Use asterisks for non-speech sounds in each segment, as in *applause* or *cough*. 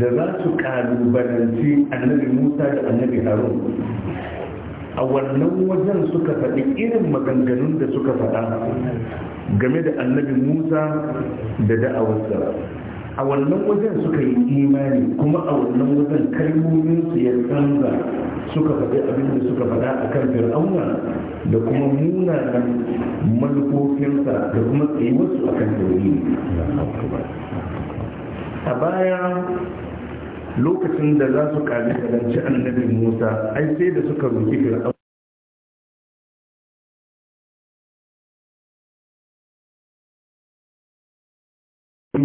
da za su kalubalanci annabi musa da annabi harun a wannan wajen suka faɗi irin maganganun da suka faɗa game da annabi musa da da'awarsa a wannan wajen suka yi imani kuma a wannan wajen kalmominsu ya canza suka faɗi abin da suka faɗa a kan fir'auna da kuma munanan manufofinsa da kuma tsayuwarsu a kan tauri a baya lokacin da za su kalubalanci annabi musa ai sai da suka roƙi fir'aun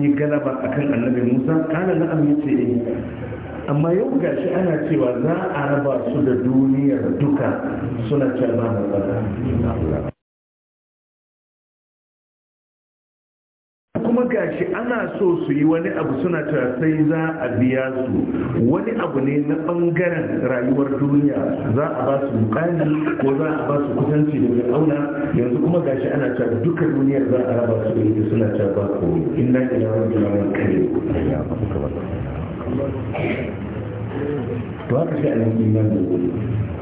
yi galaba akan annabi musa kana na amince amma yau gashi ana cewa za a raba su da duniyar duka suna cewa ba kuma gashi ana so su yi wani abu suna ta sai za a biya su wani abu ne na bangaren rayuwar duniya za a ba su mukami ko za a ba su kusanci da auna yanzu kuma gashi ana ta duka duniyar za a raba su da suna ta ba ko ina wani jiragen kare to haka sai an yi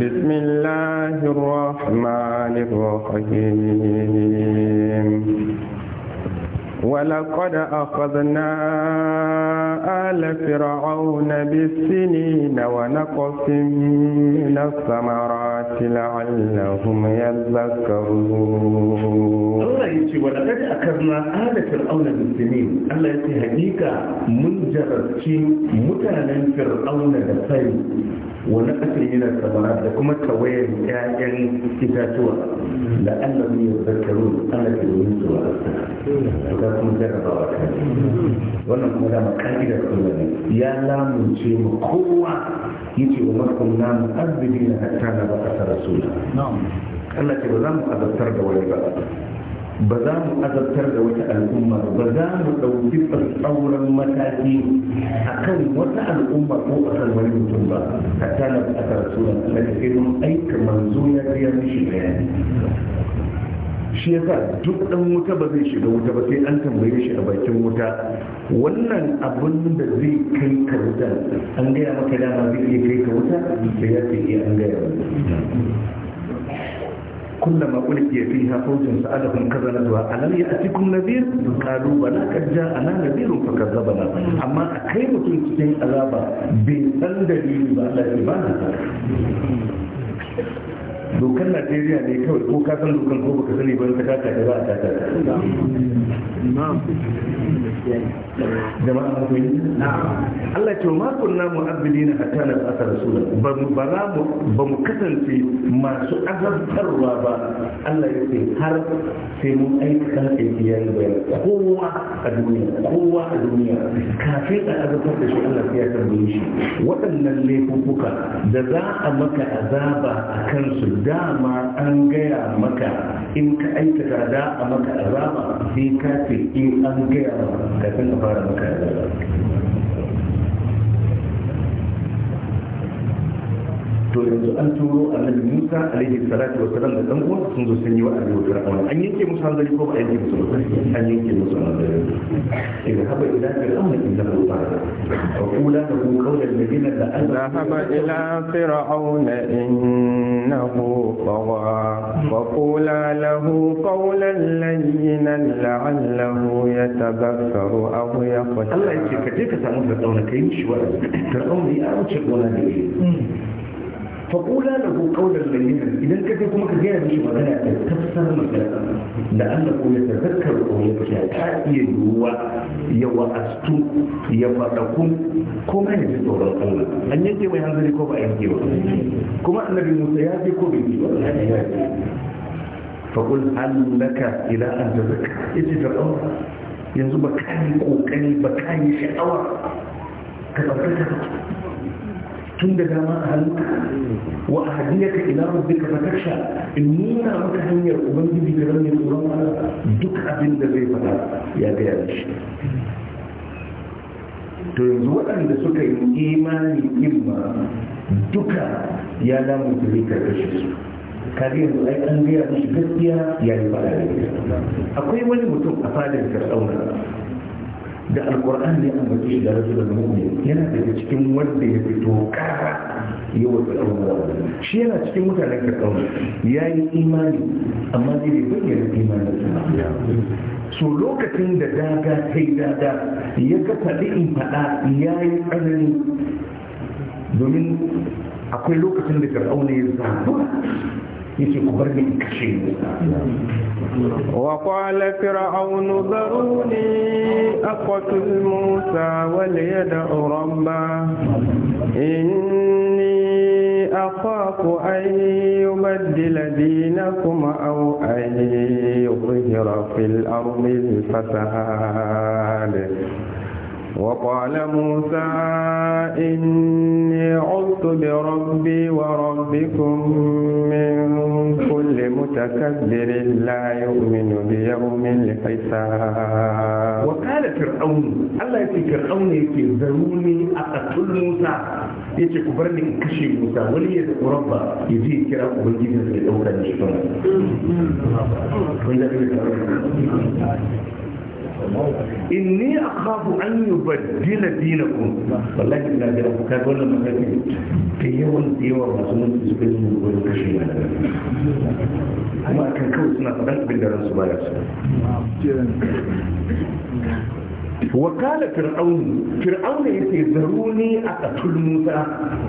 بسم الله الرحمن الرحيم ولقد أخذنا آل فرعون بالسنين ونقص من الثمرات لعلهم يذكرون الله يجي ولقد أخذنا آل فرعون بالسنين الله يجي هديك من جرتي متانا فرعون لسين ونقص من الثمرات لكم التوين كائن كتاتوا لعلهم يذكرون أنا كنت saura kuma jarrabawa ta wannan kuma dama ka'idar Allah ne ya lamunce mu kowa yace wa makum na mu'azzibina hatta na ba'atha rasula Allah ce ba za mu azabtar da wani ba ba za mu azabtar da wata al'umma ba za mu ɗauki tsauran mataki a kan wata al'umma ko a kan wani mutum ba hatta na ba a karatu da sai mun aika manzo ya biya mishi bayani shi yasa duk ɗan wuta ba zai shiga wuta ba sai an tambaye shi a bakin wuta wannan abun da zai kai ka wuta an gaya maka dama zai iya kai ka wuta da ya ce iya an gaya wuta kulla ma fi ha fawjin sa'adatun kazana zuwa alal ya atikum nadir qalu bala kad ja'a na nadir fa kazzabana amma akai mutum cikin azaba bai san dalili ba Allah ba dokar najeriya ne kawai ko ka san dokan ko baka sani ba ta kaka da za a kaka jama'a ku yi Allah ce ma kunna mu'abbidina hatta na asa rasulun ba mu ba za mu ba mu kasance masu azabtarwa ba Allah ya ce har sai mun aika aikiyan bayan kowa a duniya kowa a duniya kafin a azabtar da shi Allah ya tambaye shi waɗannan laifuka da za a maka azaba a kansu dama an gaya maka in ka aikata da a maka azaba sai ka ce in an gaya maka kafin a fara maka azaba to yanzu an turo annabi Musa alaihi salatu wassalam da dan uwa sun zo sun yi wa annabi Fir'auna an yanke musu hanzari ko ba a yanke musu an yanke musu hanzari idan haba ila fir'auna inna hu ta'ala wa qula lahu qawlan ladina la azhaba ila fir'auna innahu tawa wa qula lahu qawlan layyina la'allahu yatabakkaru aw yakhsha Allah yake kaje ka samu fir'auna kai mishi wa'azi fir'auna ya wuce gona da فقولا لكم قولا لينا اذا كنتم كجاء مش مغنى تفسر مثلا لانه يتذكر او يخشى تاكي هو يوا استو يوا تكون كما يجي تورن ان يجي ويحضر ينزل كوبا يجي كما أن موسى يجي كوبا فقل هل لك الى ان تذكر اجي فرعون ينزل بكاني كوكاني بكاني شعور كتبتك tun da dama a hannunka wa a hadiyaka ila rabbika fataksha in nuna maka hanyar ubangiji da ranar tsoron Allah duk abin da zai faɗa ya gaya da shi to yanzu waɗanda suka yi imani imma duka ya damu zai ne shi. su kare yanzu ai an gaya mishi gaskiya ya yi fara da akwai wani mutum a fadin fir'auna da alkur'ani an baki shi da al mu'min yana daga cikin wanda ya fito kara ya da abubuwa shi yana cikin mutanen kakau ya yi imani amma ne bai bayyana imanin so lokacin da daga kai daga ya ka faɗi in faɗa ya yi tsanani domin akwai lokacin da fir'auna ya zaɓa وقال فرعون ذروني أقتل موسى وليدع ربه إني أخاف أن يبدل دينكم أو أن يظهر في الأرض الفساد وقال موسى إني عذت بربي وربكم من كل متكبر لا يؤمن بيوم الحساب وقال فرعون الله يتي فرعون يتي ذروني أقتل موسى يتي كبرني كشي موسى ولي ربا يجي كرا أبنجي في الأولى إني أخاف أن يبدل دينكم ولكن لا ترى كان ولا ما في يوم في يوم مسلم سبيل الله ولا كشيء ما كان كوسنا فلان بدل سبايا سبايا wakala fir'aunu fir'aunu ya ce zaruni a ƙatul musa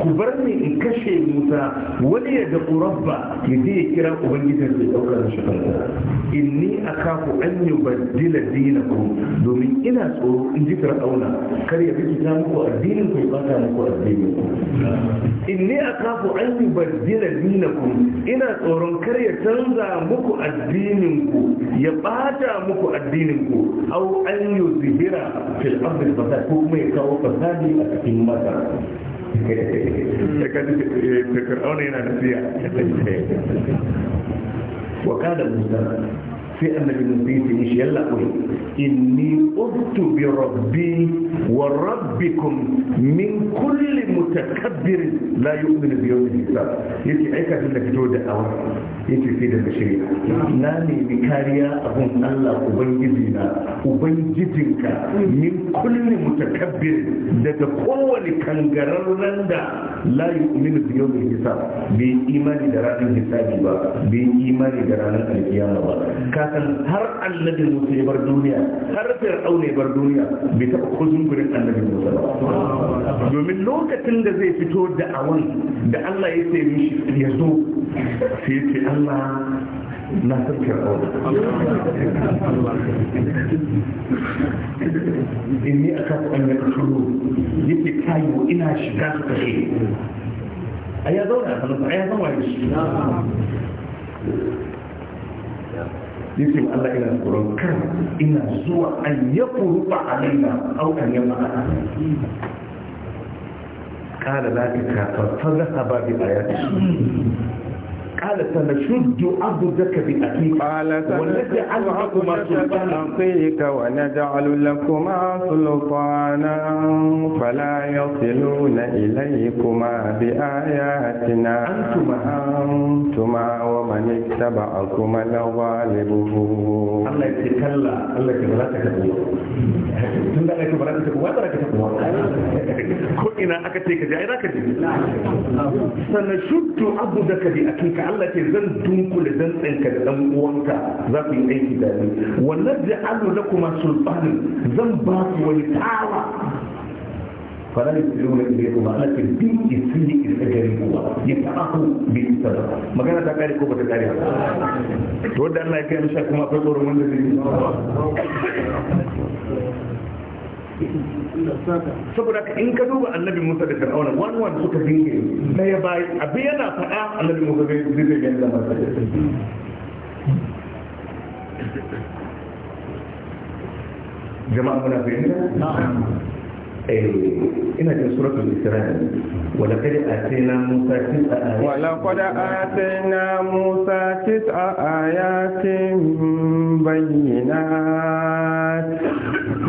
ku bar ni in kashe musa wani ya da rabba ya je ya kira ubangijin sai ɗaukar shi inni a kafu an yi baddila dina ku domin ina tsoro in ji fir'auna kar ya ta muku addinin ku ya bata muku addinin ku inni a kafu an yi baddila dina ku ina tsoron kar ya canza muku addinin ku ya ɓata muku addinin ku au an yi zihira yufsiduna fil ardi fasad ko kuma kawo fasadi a cikin masar da eh, fir'auna yana nasiya wa kana musa sai annabi mun sai sai shi yalla ko inni ubtu bi rabbi wa rabbikum min kulli mutakabbir la yu'minu bi yawmil hisab yace ai ka da fito da awa yace fi da shiri. na nemi kariya abun Allah ubangiji na ubangijinka min kulli mutakabbir daga kowane kangararren da la yu'minu bi yawmil hisab bi imani da ranar hisabi ba bi imani da ranar alkiyama ba ka kan har annabi musa ya bar duniya har fir'auna ya bar duniya bai taɓa kuzun gurin annabi musa ba domin lokacin da zai fito da awan da Allah ya ce mishi ya zo sai ya ce Allah na san fir'auna inni akafu an yakfuru yace kai ina shiga su kashe أي دولة أي دولة yake Allah ina tsoron kar ina zuwa an yafu rufa alaina au an yamma ana kala zaka ka fa fa zaka ba bi قال سنشد عبدك بأخيك ونجعل لكما سلطانا ونجعل لكما سلطانا فلا يصلون إليكما بآياتنا أنتما أنتما ومن اتبعكما لغالبه الله يتكلم الله يتكلم tun da aka bara ta kuma bara ta kuma ko ina aka ce ka ji ai zaka ji sana shuddu abudaka bi akika Allah ke zan dunkule zan tsinka da dan uwanka za ku yi aiki da ni wannan da alu lakuma sulfanin zan ba ku wani tawa فلا يسلون إليكم Magana ta يسلي ko هو ta بالسبب ما كان تقاري كوبة تقاري تود أن لا يكون شاكما فقر من ذلك saboda ka in ka duba annabi musa da fir'auna wani wani suka dinge daya bayi abin yana faɗa annabi musa zai zai zai gani da jama'a muna fahimta ina jin suratul isra wala kad atayna musa tis'a ayatin wala kad atayna musa tis'a ayatin bayyinat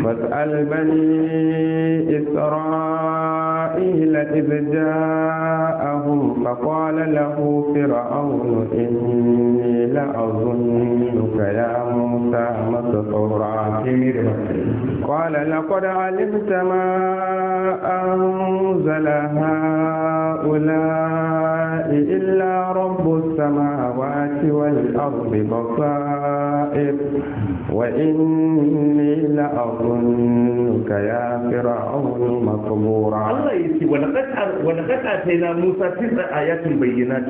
fas'al bani isra'ila id ja'ahum faqala lahu fir'aun inni la'azunnuka ya musa masrura qala laqad alimta ma أنزل هؤلاء إلا رب السماوات والأرض بصائر وإني لأظنك يا فرعون مقبورا الله يسي ولقد أتينا موسى تسع آيات بينات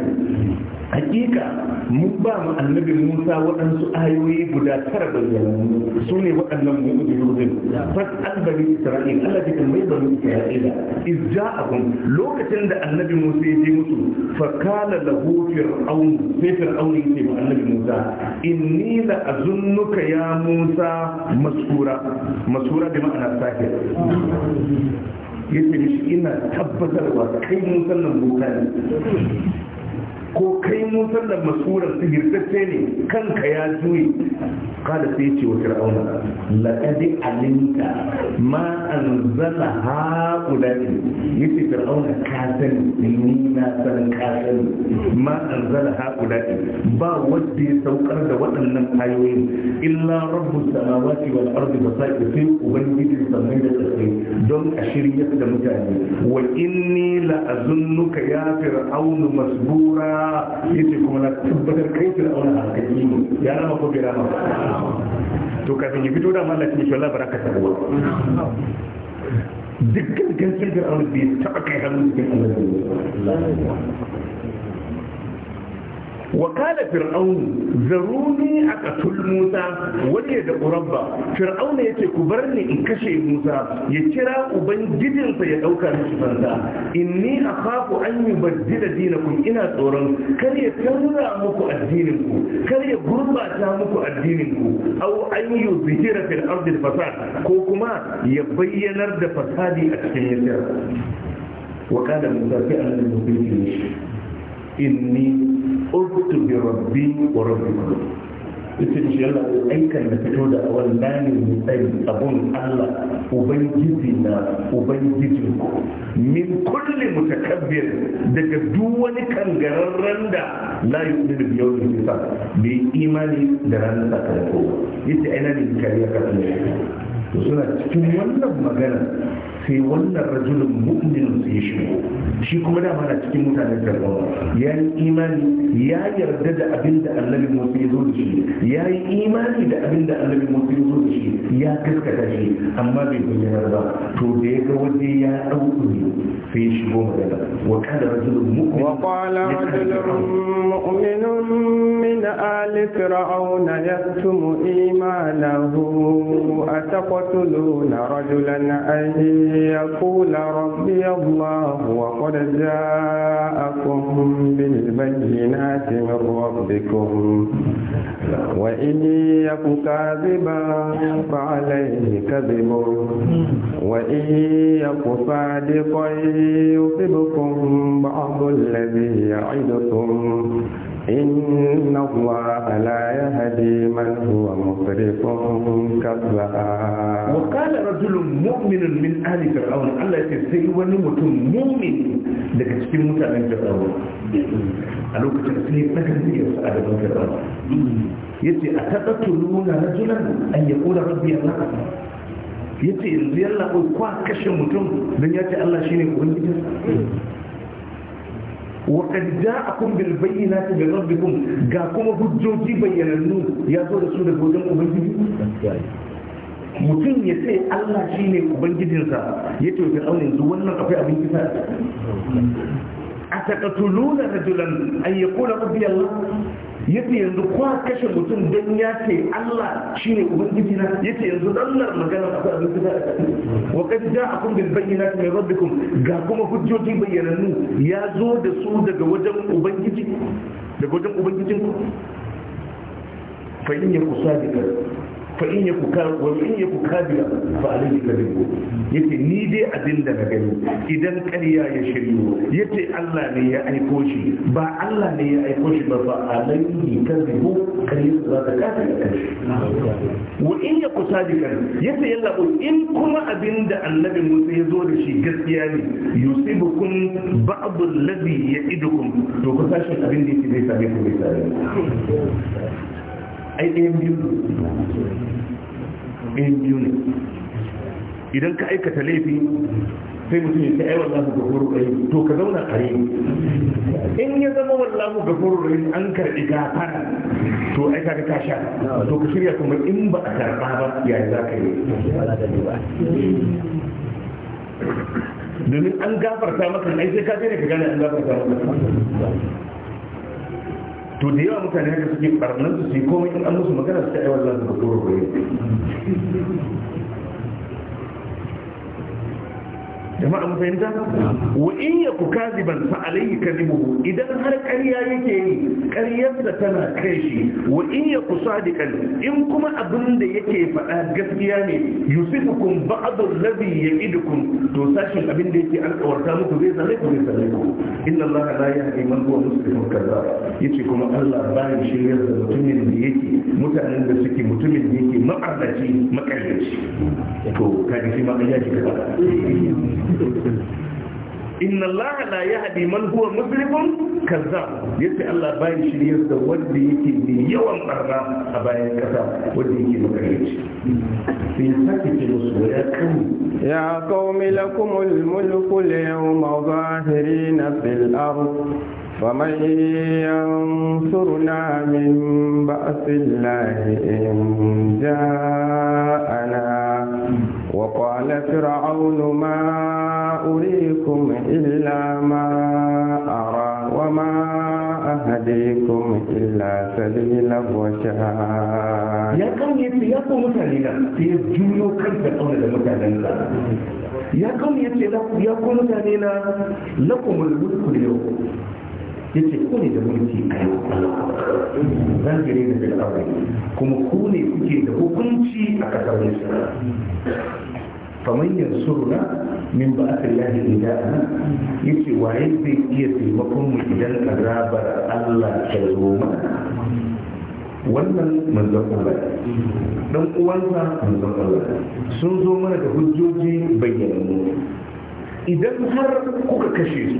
حقيقة مبام النبي موسى وأنس آيوي بدا ترى بيانا سوني وأنم مؤذي فاسأل بني إسرائيل الذي كان musulmai bani isra'ila lokacin da annabi musa ya je musu fa kana lahu fir'aun sai fir'aun ce ma annabi musa inni la azunnuka ya musa masura masura bi ma'ana sahir yace mishi ina tabbatarwa kai musan nan boka ne ko kai musan da masurar sihirtacce ne kanka ya juye kada sai ce wa fir'auna laqad alimta ma anzala haula'i yace fir'auna ka sani ni na san ka sani ma anzala haula'i ba wanda ya saukar da waɗannan ayoyin illa rabbus samawati wal ardi basair sai ubangiji sammai da kasai don a shirya da mutane wa inni la azunnuka ya fir'auna masbura yace kuma na tabbatar kai fir'auna alkayi ya rama ko to kafin ya fito da mallaka ne shi baraka ta ruwa dukkan kai hannun cikin Allah وقال فرعون ذروني أقتل موسى وليد ربا فرعون يتي كبرني إن كشي موسى يترى أبن جدن سيدوكا نشفنسا إني أخاف أن يبدل دينكم إنا تورن كان يتنرى مكو الدينكم كان يبربا تامكو الدينكم أو أن يظهر في الأرض الفساد كوكما يبين أرض فسادي أتكين وقال موسى فعلا المبين إني ustu bi rabbi wa rabbikum yace shi yana aikan da fito da wallahi mu sai abun Allah ubangiji na ubangiji min kulli mutakabbir daga duk wani kangararren da la yu'minu bi yawmil hisab bi imani da ranar sakamako yace ita ne kariya ka to suna cikin wannan magana sai wannan rajulun mu'min sai shigo shi kuma dama na cikin mutanen ba ya yi imani ya yarda da abin da annabi musa ya zo da shi ya yi imani da abin da annabi musa ya zo da shi ya kaskata shi amma bai bayyana ba to da ya ga waje ya dau ne sai shigo magana wa kana rajulun mu'min wa qala rajulun mu'minun آل فرعون يأتم إيمانه أتقتلون رجلا أن يقول ربي الله وقد جاءكم بالبينات من ربكم وإن يك كاذبا فعليه كذب وإن يك صادقا يصبكم بعض الذي يعدكم إن الله لا يهدي من هو مسرف كذاب وقال رجل مؤمن من آل فرعون الله يتسي ونمت مؤمن daga cikin mutanen fir'aun a lokacin sai ya tsaka zai ya sa'a da fir'aun yace a taɗaɗɗuluna rajulan an ya ƙura rabbi Allah yace yanzu yalla kwa kashe mutum don ya ce Allah shine ubangijinsa وقد جاءكم بالبينات من ربكم جاكم حجوجي بيننو يا زو da su daga wajen ubangiji mutum ya ce Allah shi ne ubangijinsa ya ce ta aure yanzu wannan akwai abin kisa a taqatuluna rajulan an yaqula rabbi Allah yace yanzu kwa kashe mutum dan ya ce Allah ne ubangiji na yace yanzu dallar magana a kan abin da wa qad bayyana bil bayyinati rabbi rabbikum ga kuma hujjoji bayyanannu ya zo da su daga wajen ubangiji daga wajen ubangijinku fa in kusa da fa in yaku ka wa in yaku kadira ni dai abin da na gani idan ƙarya ya Ya ce Allah ne ya aiko shi ba Allah ne ya aiko shi ba fa alayhi kadibu ƙarya za ta kafa da kai wa in yaku sadiqan yace yalla in kuma abin da annabi Musa ya zo da shi gaskiya ne kun yusibukum ba'd ya ya'idukum to ku sashi abin da ya yake zai same ku zai same ai ɗayan biyu ɗayan biyu ne idan ka aikata laifi sai mutum ya aiwa ai wallahu gafuru rai to ka zauna kare in ya zama wallahu gafuru rai an karbi gafara to ai ka ka sha to ka shirya kuma in ba a karɓa ba ya za ka yi domin an gafarta maka ai sai ka je ka gane an gafarta maka to da yawa mutane haka suke barnan su su yi komai in an musu magana su ta aiwallan su da kuro jama'a mu fahimta wa in yaku kaziban fa alayhi kadhibuhu idan har ƙarya yake yi karyarsa tana kai shi wa in yaku sadiqan in kuma abin da yake faɗa gaskiya ne yusifukum ba'du alladhi ya'idukum to sashin abin da yake alƙawarta muku zai zame ku zai zame ku inna allaha la yahdi man huwa musrifun kazzab yace kuma Allah bayan shiryar da mutumin da yake mutanen da suke mutumin da yake ma'arnaci makarnaci to kaji shi ma ƙarya ce inna Allah la yahdi man huwa musrifun kazzab yace Allah bai shiryar da wanda yake mai yawan barna a bayan kaza wanda yake makareci sai ya sake ce musu ya kauni ya qaumi lakumul mulku al-yawma zahirina fil ard فمن ينصرنا من بأس الله إن جاءنا وقال فرعون ما أريكم إلا ما أرى وما أهديكم إلا سبيل الرشاد يا قوم يا قوم مثالنا في الجنة كيف قول المثالنا يا قوم يا قوم مثالنا لكم الملك اليوم ya ce ku ne da mulki a yau zan gire da bil amri kuma ku ne kuke da hukunci a kasar misra faman yansuruna min ba'atin lahi idana yace waye zai iya taimakon mu idan azabar Allah ta zo mana wannan manzon Allah dan uwansa manzon Allah sun zo mana da hujjoji bayyana. idan har kuka kashe su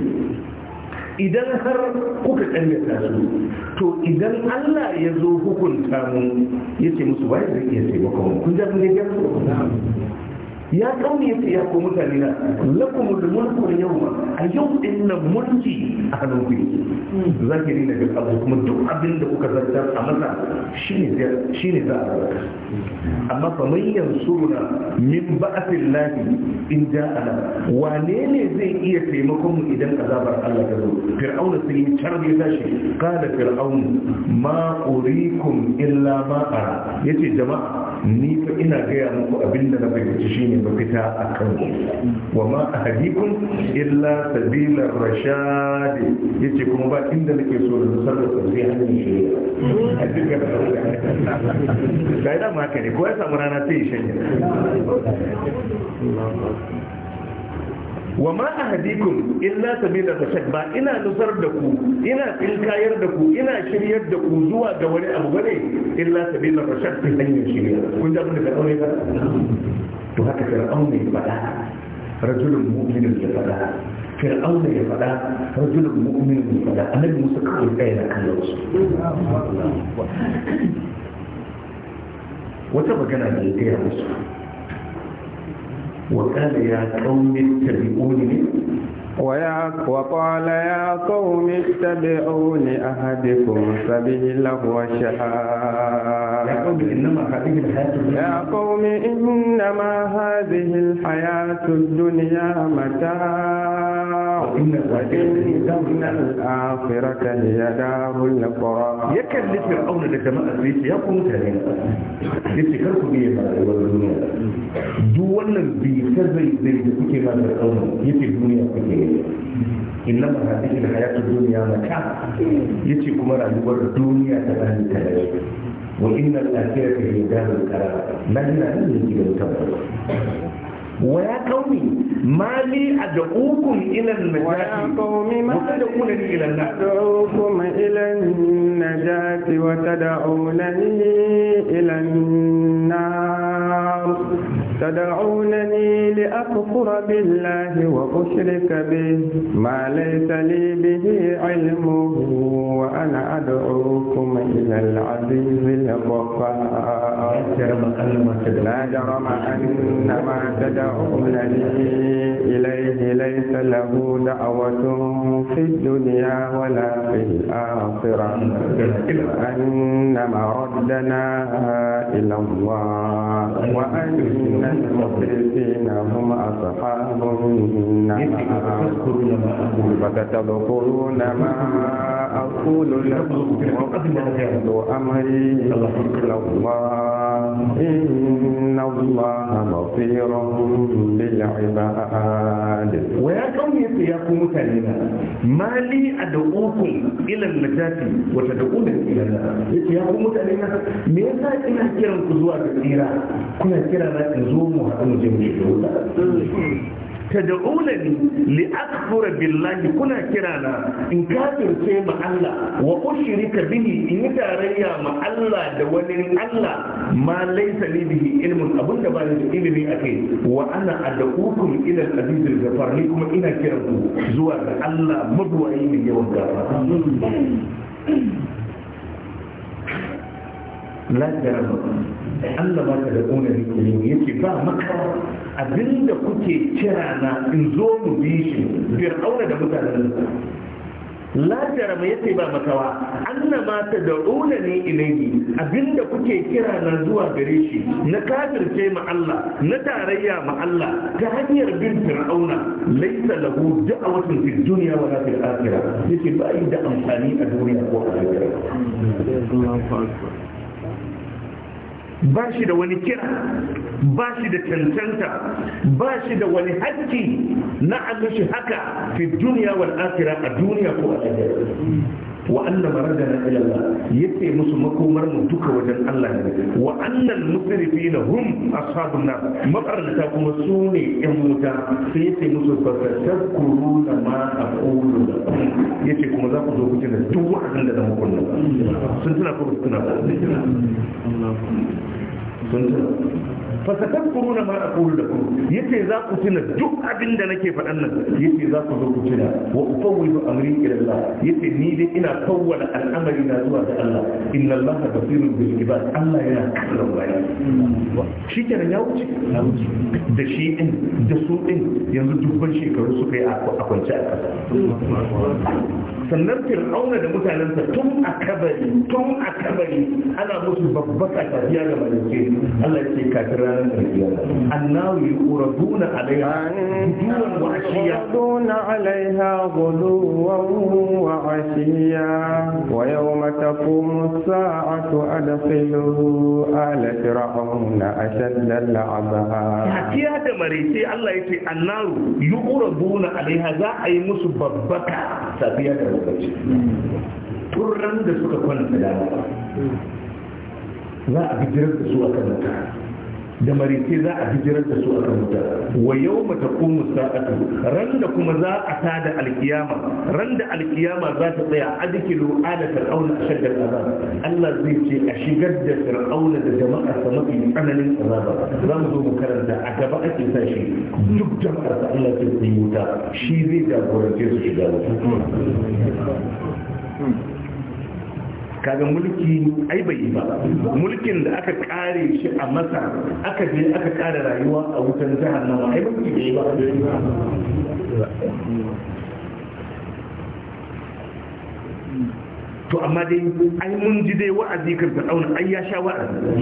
idan har kuka ƙaryata su to idan Allah ya zo hukunta mu yace musu ba zai iya taimakon kun ji kun ya kauni ya ce mutane na lakumul mulku yawma a yau din nan mulki a hannun ku zakiri na bil kuma duk abin da kuka zartar a masa Shi ne za a amma fa man yansuruna min ba'atil lahi in ja'ana wane ne zai iya taimakon mu idan azabar Allah ta zo fir'auna sai ya tashi Kada fir'aun ma urikum illa ma ara yace jama'a ni fa ina gaya muku abin da na fahimci ne mafita a kan wa ma ahadikum illa sabila rashad yace kuma ba inda nake so da sarrafa sai hannun shari'a a duka da sai da ma kare ko ya samu rana sai ya shanya wa ma ahadikum illa sabila rashad ba ina nufar da ku ina tsinkayar da ku ina shiryar da ku zuwa da wani abu ba ne bane illa sabila rashad fi hanyar shirya kun ji abin da fir'aun ya faɗa to haka fir'aun ne faɗa rajulun mu'minin ya faɗa fir'aun ya faɗa rajulun mu'minin ya faɗa annabi musa kawai kai na kan wasu wata magana da ya gaya musu وقال يا قوم اتبعوني ويا وقال يا قوم اتبعون أهدكم سبيل الرشاد يا قوم إنما هذه الحياة الدنيا متاع innal akhirata hiya darul qara ya kalli fir'auna da jama'ar sai ya kuma tare yace kar ku biye ba da duniya duk wannan bi ta zai zai da kuke ba da fir'auna yace duniya kuke inna ma hadhihi alhayatu dunya mata yace kuma rayuwar duniya ta bani tare wa innal akhirata hiya darul qara lahina ne gidan tabbata waya kauni mali a da ukun ilan na jati wata da kuna ni ilan na da ukun ilan na jati wata da ilan na تدعونني لأكفر بالله وأشرك به ما ليس لي به علم وأنا أدعوكم إلى العزيز الغفار لا جرم أن ما تدعونني إليه ليس له دعوة في الدنيا ولا في الآخرة وأن مردنا إلى الله وأن المخلصين هم أصحاب النار فستذكرون ما أقول لكم وأفضل أمري إلى الله inna allaha ghafirun lil ibad wa ya kan yi ya ku mutane na mali ad'uku ila al najati wa tad'un ila allah ya ku mutane na me yasa ina kiran ku zuwa gira kuna kira na zuwa mu hadu jami'a tad'unani li akfura billahi kuna kirana in kafirce ma Allah wa ushrika bihi in yi tarayya ma Allah da wani Allah ma laysa li bihi ilmun abunda ba ni da ilimi ake wa ana ad'ukum ila al-aziz al-ghafar ni kuma ina kiran zuwa ga Allah madwayi mai yawan gafara la Allah ma da ƙuna ne yake ba maka abinda kuke kira na in zo mu bi shi fir'auna da mutanen lafiyar mai yake ba makawa annama ta da ƙuna ne ilayi abinda kuke kira na zuwa gare shi na kafirce ma Allah na tarayya ma Allah ta hanyar bin fir'auna laisa lahu da'awatun fid dunya wala fil akhirah yake ba yi da amfani a duniya ko a lahira ba shi da wani kira ba shi da cancanta ba shi da wani hakki na shi haka fi duniya wal a duniya ko a wa anna maradana ila Allah yace musu makomar mu duka wajen Allah ne wa annal musrifina hum ashabun nar mabarnata kuma su ne yan wuta sai yace musu fa tadkuruna ma aqulu lakum yace kuma za ku zo ku tuna duk wa'azin da zan kunna sun tuna ko tuna sun tuna fa satadkuruna ma aqulu lakum yace za ku tuna duk abin da nake faɗan nan yace za ku zo ku tuna wa ufawwidu amri ila Allah yace ni dai ina kawwala al'amari na zuwa ga Allah inna Allah basirun bil ibad Allah yana kallon bayi shikenan ya wuce da shi din da su din yanzu dubban shekaru suka yi a kwance a kasa sannan fir'auna da mutanensa tun a tun a kabari ana musu babbaka tafiya ga malike Allah ya ce kafira ranar karfiya annahu yuraduna alaiha guduwan wa ashiya yuraduna alaiha guduwan wa ashiya wa yawma taqumu as-sa'atu adkhilu ala fir'auna ashadda al-'adab hakiya da marece Allah yace annahu yuraduna za a yi musu babbaka safiya da suka za a su a da maritai za a hijirar da su a kan wuta wa yau mata kuma sa'atu ran da kuma za a tada alkiyama ran da alkiyama za ta tsaya adkilu ala fir'auna ashadda azab Allah zai ce a shigar da fir'auna da jama'a sa mafi tsananin azaba za mu zo mu karanta a gaba ake sa shi duk jama'ar sa Allah zai yi wuta shi zai jagorance su shiga wuta kaga mulki ai bai yi ba mulkin da aka kare shi a masa aka je aka kare rayuwa a wutan jahannama ai mulki bai yi ba to amma dai ai mun ji dai wa'azi kan fir'auna ai ya sha wa'azi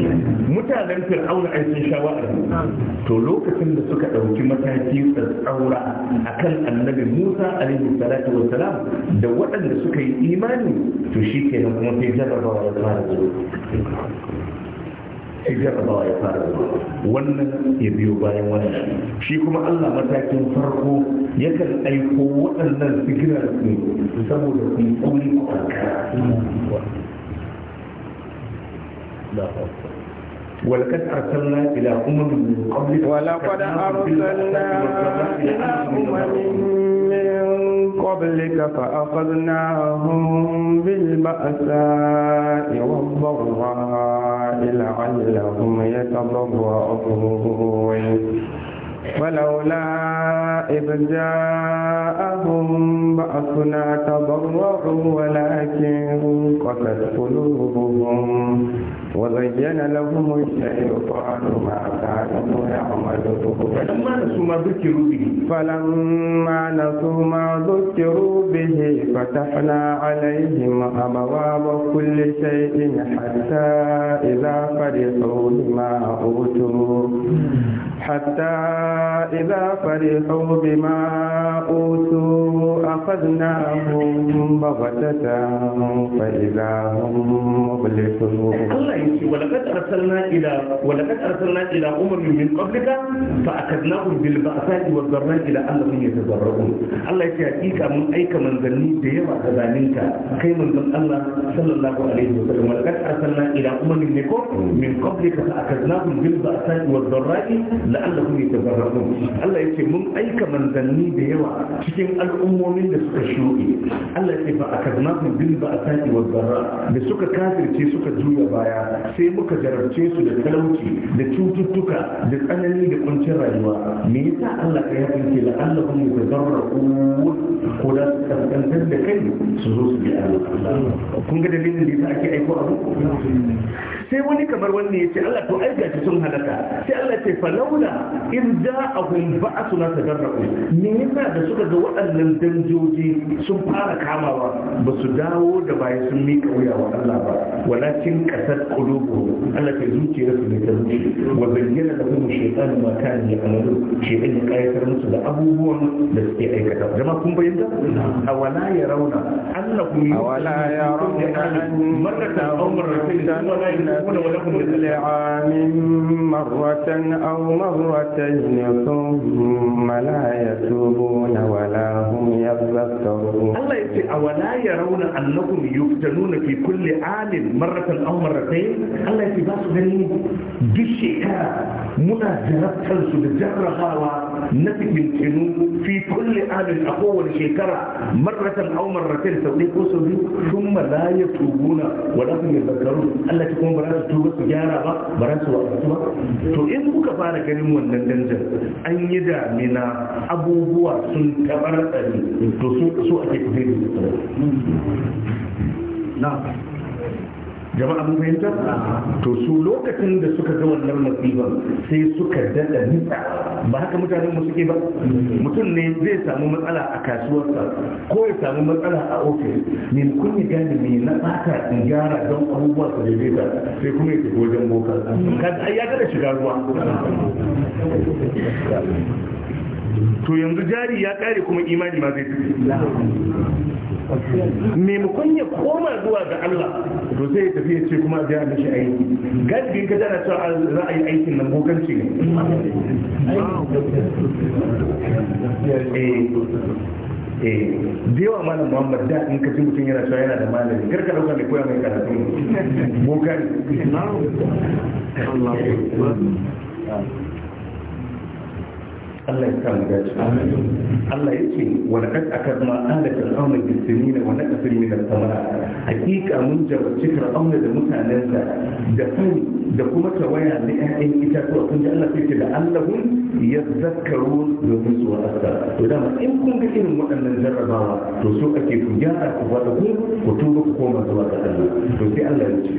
mutanen fir'auna ai sun sha wa'azi to lokacin da suka ɗauki mataki tsaura akan annabi Musa alaihi salatu wa da waɗanda suka yi imani to shi kenan kuma sai jarrabawa ya fara zuwa sai jarrabawa ya fara zuwa wannan ya biyo bayan wannan shi kuma allah matakin farko yakan aiko waɗannan sigirar ne saboda ku yi kuri ولقد أرسلنا إلى أمم من قبلك ولقد أرسلنا إلى أمم من قبلك فأخذناهم بالبأساء والضراء لعلهم يتضرعون ولولا إذ جاءهم بأسنا تضرعوا ولكن قست قلوبهم wazayyana lahum shaytanu ma kanu ya'maluna falamma nasu ma dhukiru bihi falamma nasu ma dhukiru bihi fatahna alayhim abwab kulli shay'in hatta idha farihu bima utu hatta idha farihu bima utu akhadnahum bagatatan fa idha hum mublisun Allah yake walaqad arsalna ila walaqad arsalna ila umamin min qablika fa akadnahum bil ba'sa'i wad dharra'i ila allahum yatadarrun Allah ya yake hakika mun aika manzanni da yawa ga zalinka kai manzon Allah sallallahu alaihi wa sallam walaqad arsalna ila umamin min min qablika fa akadnahum bil ba'sa'i wad dharra'i la allahum yatadarrun Allah ya ce mun aika manzanni da yawa cikin al'ummomin da suka shuɗe Allah ya yake fa akadnahum bil ba'sa'i wad dharra'i da suka kafirce suka juya baya sai muka jarabce su da talauci da cututtuka da tsanani da kuncin rayuwa me yasa Allah ya yanke la Allah kun yatadarru ko da su da kai su zo su bi Allah kun ga dalilin da yasa ake aiko abu sai wani kamar wanne ya ce Allah to ai gashi sun halaka sai Allah ya ce fa laula in ja'ahum ba'suna tadarru me yasa da suka ga waɗannan danjoji sun fara kamawa ba su dawo da bayan sun mika wuya wa Allah ba walakin kasat qulubuhum Allah ta zuciya su ne ta zuci wa bayyana lahum shaytanu ma kanu musu da abubuwan da suke aikata jama'a kun bayyana awala yarawna annahum awala مرة أو مرتين ثم لا يتوبون ولا هم يذكرون الله يقول أولا يرون أنهم يفتنون في كل عام مرة أو مرتين Allah ke ba su gani duk shekara muna jarabtar su da jarrabawa na fitintinu fi kulli amin a kowane shekara marratan aw marratin sau ɗaya ko sau biyu sun la ya tubuna wa la hum yadhakkarun Allah kuma ba za su tuba su gyara ba ba za su wa'azu ba to in kuka fara ganin wannan danjan an yi damina abubuwa sun tabar to su ake kufe da su na jama'a mun fahimta to su lokacin da suka ga wannan masifa sai suka dada nisa ba haka mutanen mu suke ba mutum ne zai samu matsala a kasuwarsa ko ya samu matsala a ofis ne kun yi gane me na bata in gyara don abubuwa su daidaita sai kuma ya tafi wajen boka ka ai ya gada shiga ruwa to yanzu jari ya kare kuma imani ma zai tafi maimakon ya koma zuwa ga Allah to sai ya tafi ya ce kuma zai hada shi aiki galibin ka jana cewa za a yi aikin nan bokanci ne eh, eh, da yawa malam muhammad da in ka ci mutum yana cewa yana da malami kar ka dauka mai koya mai karatu bokan الله يكرمك الله يكفي ولقد اكرم آل فرعون بالسنين ونقص من الثمرات حقيقة من جرى الشكر أمن لموسى نزل دفن دقوم توايا لأن إذا كنت أنا في كذا أنهم يتذكرون بموسى أكثر وإذا ما إن كنت إن مؤمن في جاء أخواته وتوبك قوم أزواج الله فسي الله يكفي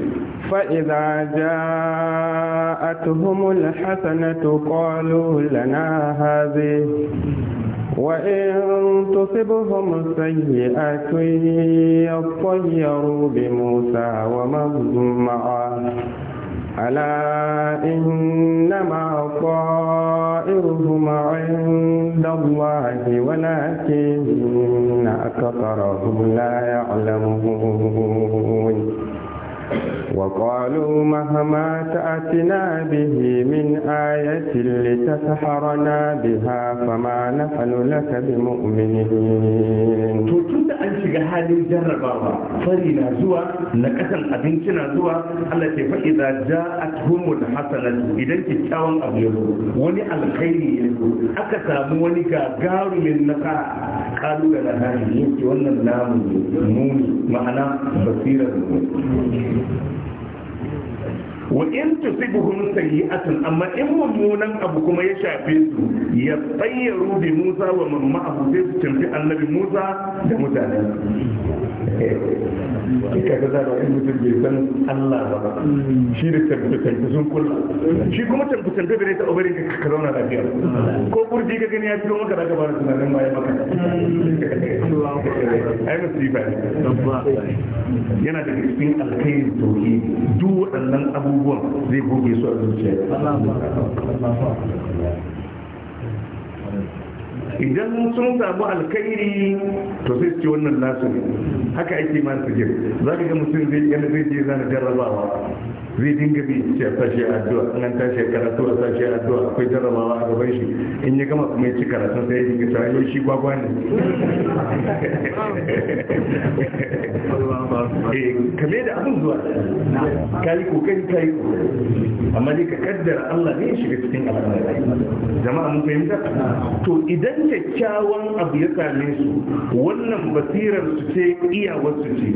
فإذا جاءتهم الحسنة قالوا لنا هذا عذابي وَإِن تُصِبْهُمْ سَيِّئَةٌ يَطَّيَّرُوا بِمُوسَى وَمَنْ مَعَهُ أَلَا إِنَّمَا طائرهم عند اللَّهِ وَلَكِنَّ أكثرهم لَا يَعْلَمُونَ وقالوا مهما تأتنا به من آية لتسحرنا بها فما نحن لك بمؤمنين an shiga halin jarrabawa fari na zuwa na kasan abinci na zuwa Allah ke faɗi da ja'atuhumul hasanatu idan kyakkyawan abu ya zo wani alkhairi ya zo aka samu wani gagarumin nasara kalu da hali yake wannan namu ne muni ma'ana basirar mu wa in tusibuhum sayyi'atun amma in mummunan abu kuma ya shafe su ya tsayyaru bi Musa wa man ma'ahu sai su tambi annabi Musa da mutane eh, kika in mutum bai san Allah ba shi da ya fito maka da gaba da tunanin ma ya maka yana da cikin duk waɗannan abubuwa abubuwan zai goge su a zuciya idan sun samu alkhairi to sai ce wannan nasu haka ake ma su za ka ga mutum zai yana zai je zana jarrabawa zai dinga bi ce a sashi addu'a in an tashi karatu a sashi addu'a akwai jarrabawa a gaban shi in ya gama kuma ya ci karatu sai ya dinga cewa shi gwagwa ne eh, kame da abin zuwa ka yi kokari ka yi amma dai ka kaddara Allah ne ya shiga cikin al'amari jama'a mun fahimta to idan kyakkyawan abu ya same su wannan basirar su ce iyawar su ce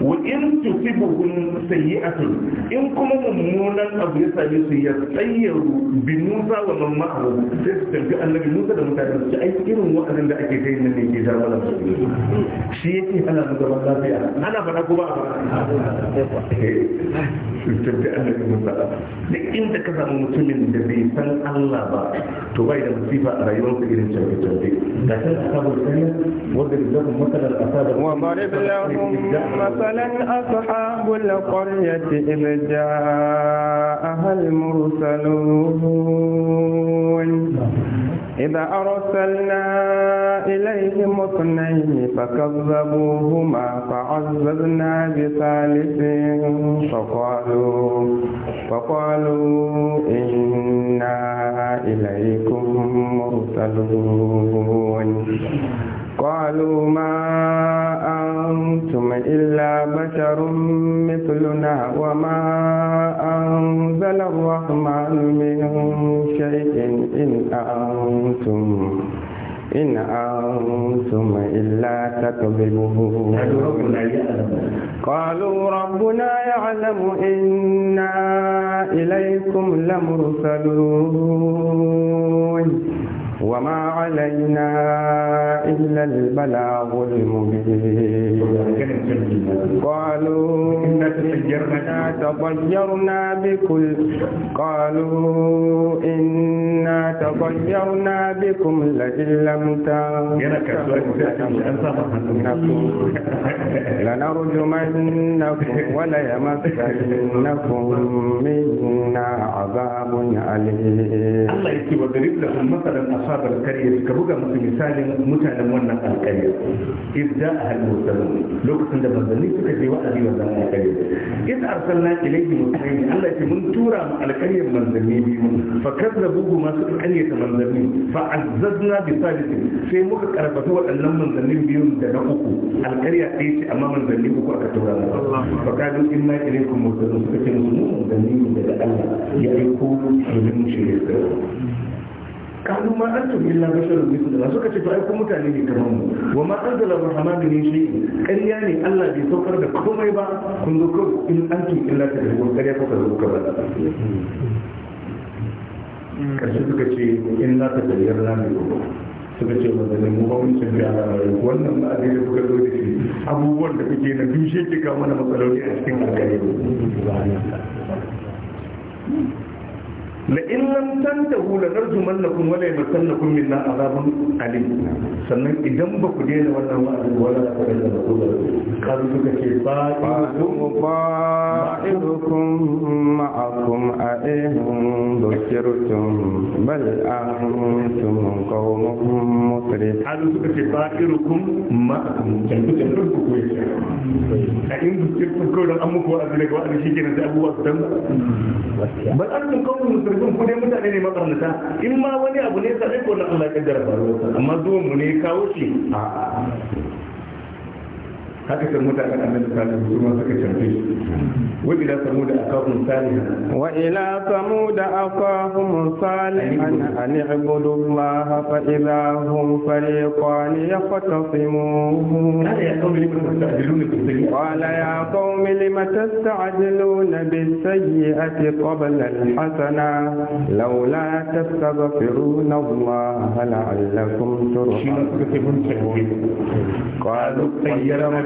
wa in tusibuhum sayyi'atun in kuma mummunan abu ya same su ya tsayyaru bi musa wa man ma'ahu sai su tafi annabi musa da mutanen su ai irin wa'azin da ake kai nan ne ke jar mana shi yake ana mu zaman lafiya ana faɗa ko ba a faɗa su tafi annabi musa da inda ka samu mutumin da bai san Allah ba to bai da musifa a rayuwarsa irin canfe canfe da kan asabar sanya wanda da zafin matsalar asabar wa bari bilahun matsalan ashabul qaryati ibja جاءها المرسلون إذا أرسلنا إليهم اثنين فكذبوهما فعززنا بثالث فقالوا فقالوا إنا إليكم مرسلون قالوا ما أنتم إلا بشر مثلنا وما أنزل الرحمن من شيء إن أنتم إن أنتم إلا تكذبون قالوا ربنا يعلم إنا إليكم لمرسلون وما علينا إلا البلاغ المبين قالوا إنا تطيرنا بكل قالوا إنا تطيرنا بكم لئن لم تنتهوا لنرجمنكم وليمسنكم منا عذاب أليم الله يكتب لكم مثلا ashabar karya suka buga musu misalin mutanen wannan alƙarya idda ahal mursalun lokacin da manzanni suka je wa'azi wannan alƙarya id arsalna ilayhi mursalin Allah ya mun tura mu alƙaryar manzanni biyu fa kazzabuhu ma suka ƙaryata manzanni fa azzazna bi salisin sai muka karfafa waɗannan manzannin biyun da na uku alƙarya ɗaya ce amma manzanni uku aka tura mu fa kazu inna ilaykum mursalun suka musu daga Allah ya aiko domin mu shirye kalu ma antum illa basharun mithluna suka ce to mutane ne kamar mu wa ma anzala rahmanu min shay ƙarya ne Allah bai saukar da komai ba kun zo kawai in antum illa tadribun ƙarya kuka zo kuka bada karshe suka ce in za ta tafiyar na mai gobe suka ce wanda ne mu ba mun tafi a rayuwa wannan ba da kuka zo da shi abubuwan da kuke na dushe ke kawo mana matsaloli a cikin alƙalai la in lam tantahu la narjumannakum wa la yamassannakum minna azabun alim sannan idan ba ku daina wannan wa'azi wala la ta'ala da kullu kalu suka ce ba fa'idukum ma'akum a ehun dhukirtum bal ahuntum qaumun mutri kalu suka ce fa'idukum ma'akum tantu tantu ku ko a in dhukirtum ko da an muku wa'azi ne ga wa'azi shi kenan da abubuwa su dan bal antum qaumun musrif sun ku dai mutane ne makarnata in ma wani abu ne sai ko na Allah ya jarabar faruwa amma zuwan mu ne kawo shi a'a haka san mutanen annabi salihu su ma suka canfe shi wa ila samud aqahum salihan wa ila samud aqahum salihan an ibudu allah fa idha hum fariqan yaqtasimun قال يا قوم لم تستعجلون بالسيئة قبل الحسنة لولا تستغفرون الله لعلكم ترحمون قالوا خير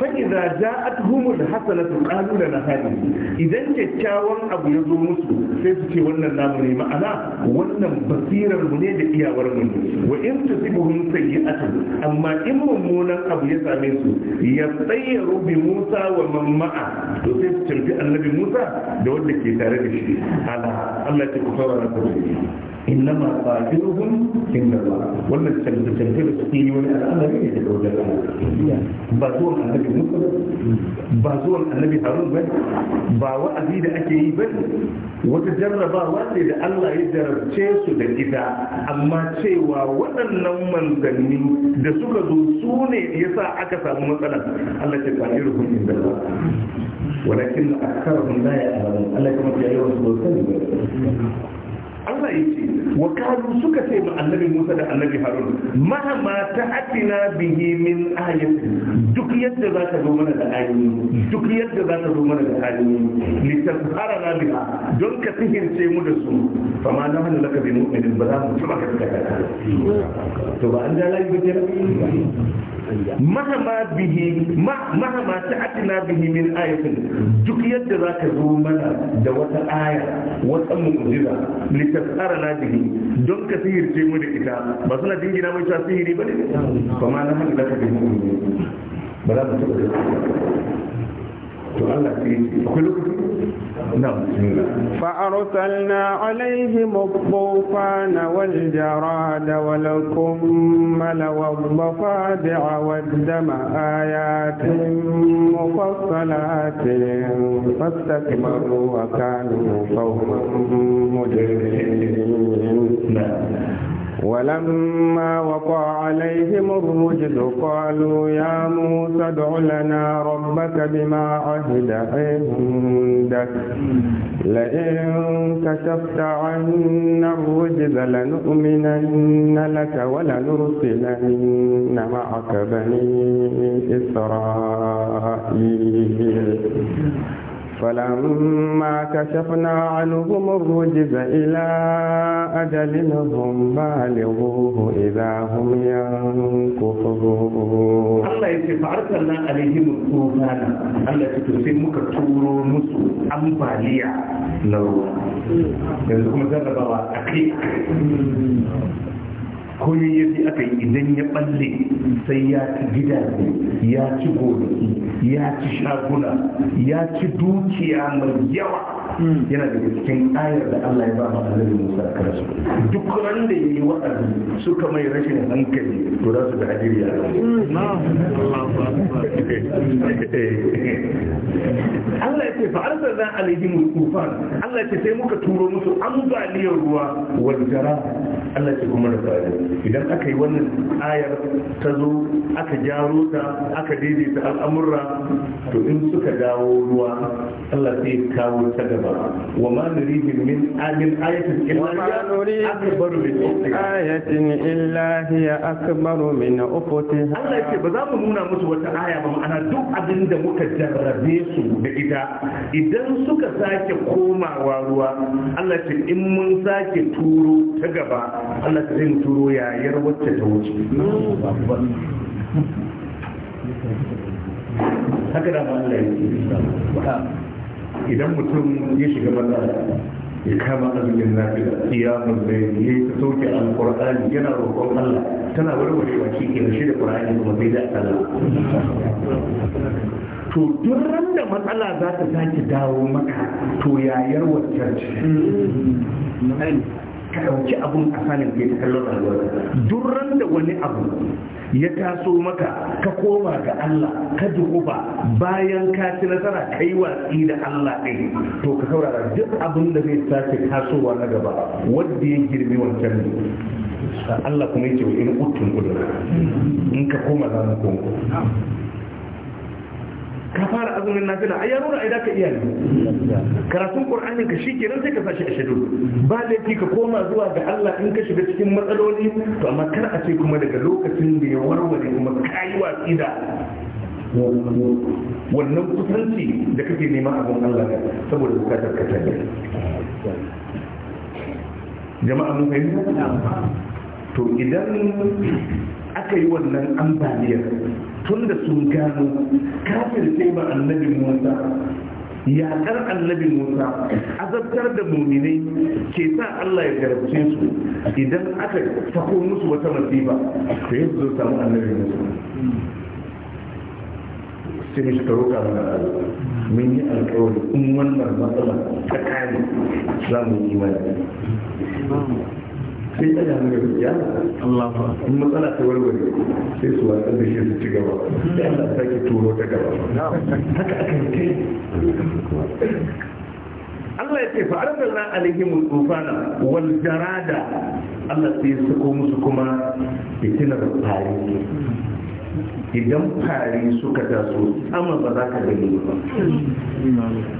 fa'iza ja'atuhumul hasanatu qalu lana hadhihi idan kyakkyawan abu ya zo musu sai su ce wannan namu ne ma'ana wannan basirar mu ne da iyawar mu wa in a sayyi'atu amma in mummunan abu ya same su ya tsayyaru bi Musa wa Mamma'a, to sai su tarbi annabi Musa da wanda ke tare da shi ala Allah ya ku saurara ku innama qadiruhum inda wannan tarbi tarbi da su yi wani al'amari ne da dole ba zuwa annabi ba zuwan annabi harun ba ba wa'azi da ake yi ba wata jarrabawa ce da Allah ya jarabce su da ita amma cewa waɗannan manzanni da suka zo su ne sa aka samu matsala Allah ya fa'ir hukumin da ba walakin akarhum la ya'lamun Allah kuma ya yi wasu ba yi ce, wa kanu suka ce ma annabi Musa da annabi Harun mahama ta atina bihi min ayat duk yadda za ka zo mana da ayoyi duk yadda za ka zo mana da ayoyi li tasharana biha don ka sihirce mu da su fa ma nahnu laka bi mu'minin ba za mu taba ka kaka to ba an da lafi ba mahama bihi mahama ta atina bihi min ayatin duk yadda za ka zo mana da wata aya wata mu'jiza li tasara na don ka sihirce mu da ita ba suna dingina mai ta sihiri ba ne ba ma na haɗu da ka bi ba za mu taɓa فأرسلنا عليهم الطوفان والجراد والكمل والضفادع والدم آيات مفصلات فاستكبروا وكانوا قوما مجرمين نعم. ولما وقع عليهم الرجز قالوا يا موسى ادع لنا ربك بما عهد عندك لئن كشفت عنا الرجز لنؤمنن لك ولنرسلن معك بني إسرائيل فلما كشفنا عنهم الرجز إلى أجل هم بالغوه إذا هم ينكفرون الله يسي فأرسلنا عليهم الطوفان الله تترسل مكتور مسو أمبالية لو يزكم زربا أكيد ko yayyafi aka yi idan ya balle sai ya ci gidaje ya ci gonaki ya ci shaguna ya ci dukiya mai yawa hmm. yana da cikin ayar da Allah ya ba mu annabi Musa a kansu duk ran da yayi wa'azi suka mai rashin hankali to za su ga ya hmm. Allah ya ce fa arsalna alaihim tufan Allah ya ce sai muka turo musu ambaliyar ruwa wal jara Allah ya ce kuma da fa'ida idan aka yi wannan ayar ta zo aka gyaro ta aka daidaita al'amurra to in suka dawo ruwa Allah sai kawo ta gaba wa ma nurihim min amin ayatin illa hiya akbaru min ukhtiha Allah yake ba za mu nuna musu wata aya ba ma'ana duk abin da muka jarrabe su da ita idan suka sake komawa ruwa Allah ce in mun sake turo ta gaba Allah zai turo ya yayar wacce ta wuce haka da Allah idan mutum ya shiga matsala ya kama azumin lafiya ya da ya yi ta sauke alƙur'ani yana roƙon Allah tana warwarewa shi ke shi da ƙur'ani kuma sai da Allah to duk ran da matsala za ta sake dawo maka to yayar wacce ce ka ɗauki abun a sanin ke ta kallon duk randa wani abu ya taso maka ka koma ga Allah ka dukuba bayan ka ci nasara kai watsi da Allah ɗin to ka saurara duk abun da zai sake tasowa na gaba wanda ya girmi wancan ne Allah kuma yake wa in uttun in ka koma za mu ka fara azumin nafila a ya nuna ai ka iya karatun qur'anin ka shikenan sai ka sashi a shadul ba laifi ka koma zuwa ga Allah in ka shiga cikin matsaloli to amma kar a ce kuma daga lokacin da ya warware kuma kai watsi da wannan kusanci da kake nema abin Allah ne saboda bukatar ka tafi jama'a mun fahimta to idan aka yi wannan ambaliyar tun da sun gano kafin sai ba annabi musa yaƙar annabi musa azabtar da muminai ke sa allah ya garabce su idan aka tako musu wata masifa to yanzu zo samu annabi musa sai mishi ka roƙa mana Allah mun yi alƙawari in wannan matsala ta kare za mu yi imani sai tsada mu yau ya Allah in matsala ta warware sai su watsar da shi su ci gaba sai Allah ta sake turo ta gaba haka aka yi kai Allah ya ce fa arsalna alaihim tufana wal jarada Allah sai su ko musu kuma fitinar fari idan fari suka taso amma ba za ka gani ba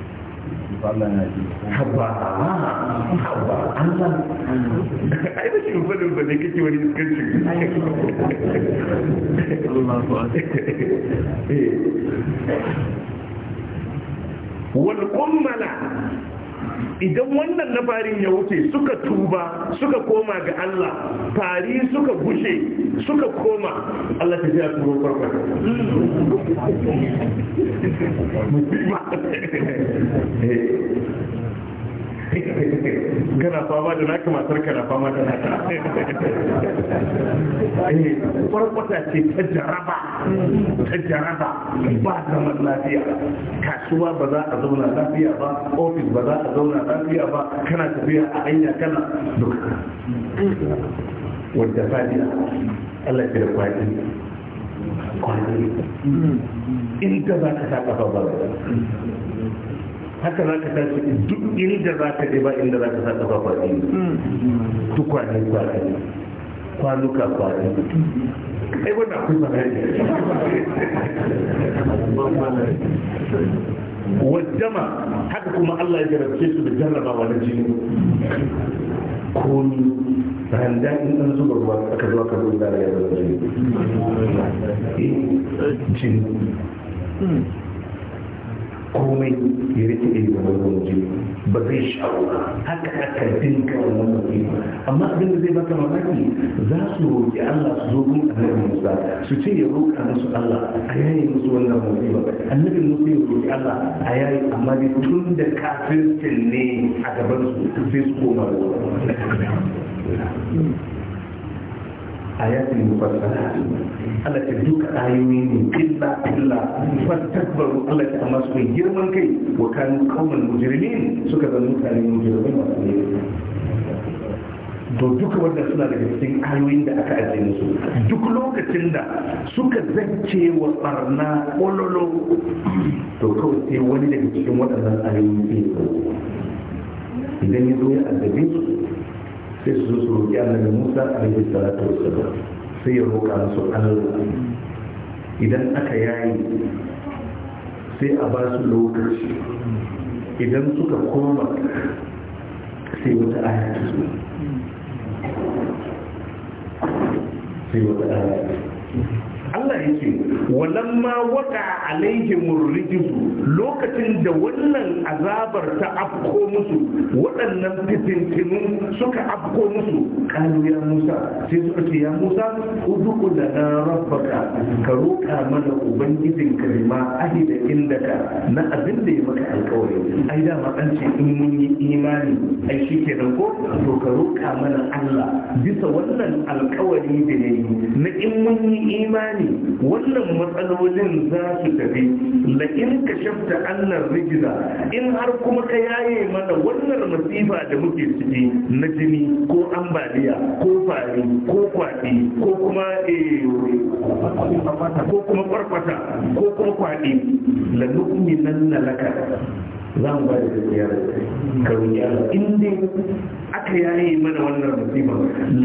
haba haba Allah ai da shi ne wani iskanci Allahu eh. wal idan wannan na farin ya wuce suka tuba suka koma ga Allah fari suka gushe suka koma Allah ta jiya turo farko *laughs* eh, *laughs* kana fama da naka matar kana fama da naka *laughs* eh, kwarkwata ce ta jaraba ta jaraba ba zaman lafiya kasuwa ba za a zauna lafiya ba ofis ba za a zauna lafiya ba kana tafiya a hanya kana duka wadda fadiya Allah ya da kwaji kwaɗi in ka za ka sa ƙafa ba haka za ka tashi duk inda za ka ba inda za ka sa kafa kwaɗi duk kwaɗi kwaɗi kwanuka kwaɗi ai wannan akwai magana wajama haka kuma Allah ya jarabce su da jarraba wani jini komi randa in an zuba ruwa aka zuwa ka zuwa da ya zuba jini eh, komai ya rike ba da wannan waje ba zai shawo haka aka dinka wannan waje amma abin da zai baka mamaki za su roƙi Allah su zo gun annabi Musa su ce ya roƙa musu Allah a yayi musu wannan waje ba annabi Musa ya roƙi Allah a yayi amma dai tun da kafircin ne a gaban su sai su koma da ayatul mufassala Allah ke duka ayoyi ne illa illa fastakbaru Allah ta amma su girman kai wa kan qauman mujrimin suka zama mutane mujrimin masu ne to duka wanda suna daga cikin ayoyin da aka ajiye musu duk lokacin da suka zance wa barna ololo to kawai sai wani daga cikin waɗannan ayoyi ne. idan ya zo ya addabe su في السلسل الكامل من موسى عليه الصلاة والسلام في الروك على سبحانه الرحيم إذن أكياي يعني في أباس الروك إذن سوك قومك في متأهد في متأهد Allah yake walamma waka alaihimur rijisu lokacin da wannan azabar ta afko musu waɗannan fitintinun suka afko musu kalu ya Musa sai suka ce ya Musa uduku da na rabbaka ka roƙa mana ubangijin ka ahi da inda ka na abin da ya maka alƙawari ai dama an ce in mun yi imani ai shi ke ko to ka roƙa mana Allah bisa wannan alƙawari da ya yi na in mun yi imani wannan matsalolin za su tafi da in ka shafta annar rigiza in har kuma ka yaye mana wannan masifa da muke ciki na jini ko ambaliya ko fari ko kwaɗi ko kuma eh, ko kuma kwarkwata ko kuma kwaɗi la na laka za mu ba da gaskiya ka roƙi Allah in dai aka yaye mana wannan musiba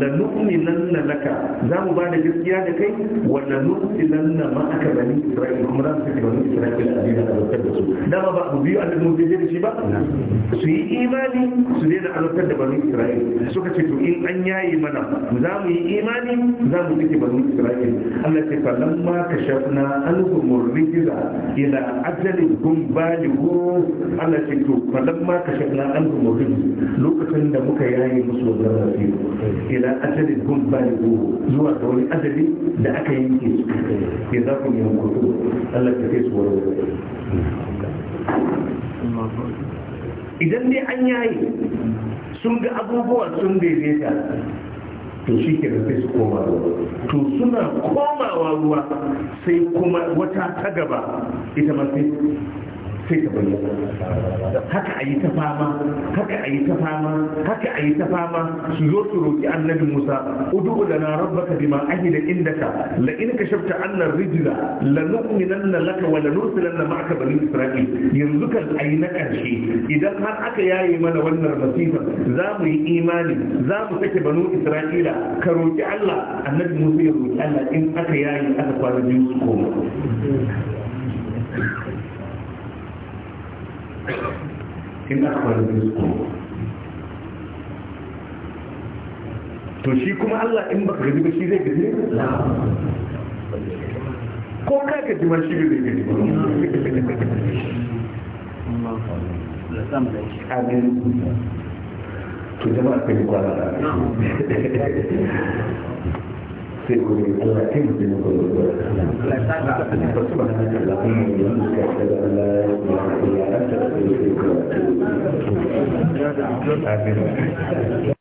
la nu'minanna laka za mu ba da gaskiya da kai wa la nu'minanna ma aka bani Isra'il kuma za su ci bani Isra'il a dina da alƙar da su dama ba mu biyu annabi mu je da shi ba su yi imani su daina alƙar da bani Isra'il suka ce to in an yaye mana za mu yi imani za mu ci bani Isra'il Allah ce fa lamma kashafna anhum murrijiza ila ajalin hum balighu ana ce to falan ma ka shakla an rumokin lokacin da muka yaye musu wannan rafi ila ajalin hum baligu zuwa ga wani ajali da aka yanke su ke za ku nemi kudu Allah ta kai su warware idan dai an yaye sun ga abubuwa sun daidaita to shi ke da sai su koma ruwa to suna komawa ruwa sai kuma wata ta gaba ita ma sai sai bayyana haka a yi ta fama haka a yi ta fama haka a yi ta fama su zo su roƙi annabi musa udu lana rabbaka bima ahida inda la in kashafta anna rijla la nu'minanna laka wa la nursilanna ma'aka bani isra'il yanzu kan a yi na ƙarshe idan har aka yaye mana wannan masifa za mu yi imani za mu sake banu isra'ila ka roƙi allah annabi musa ya roƙi allah in aka yaye aka kwana biyu su koma in aka fara to shi kuma Allah in baka gaji ba shi zai gaji ko ka gaji ma shi zai gaji ba to jama'a kai kwana sai ku ne Allah ta yi jini ko yau ba su ba na kan lafi ne da su ka ta da Allah ya yi ya ta da su ya ta da su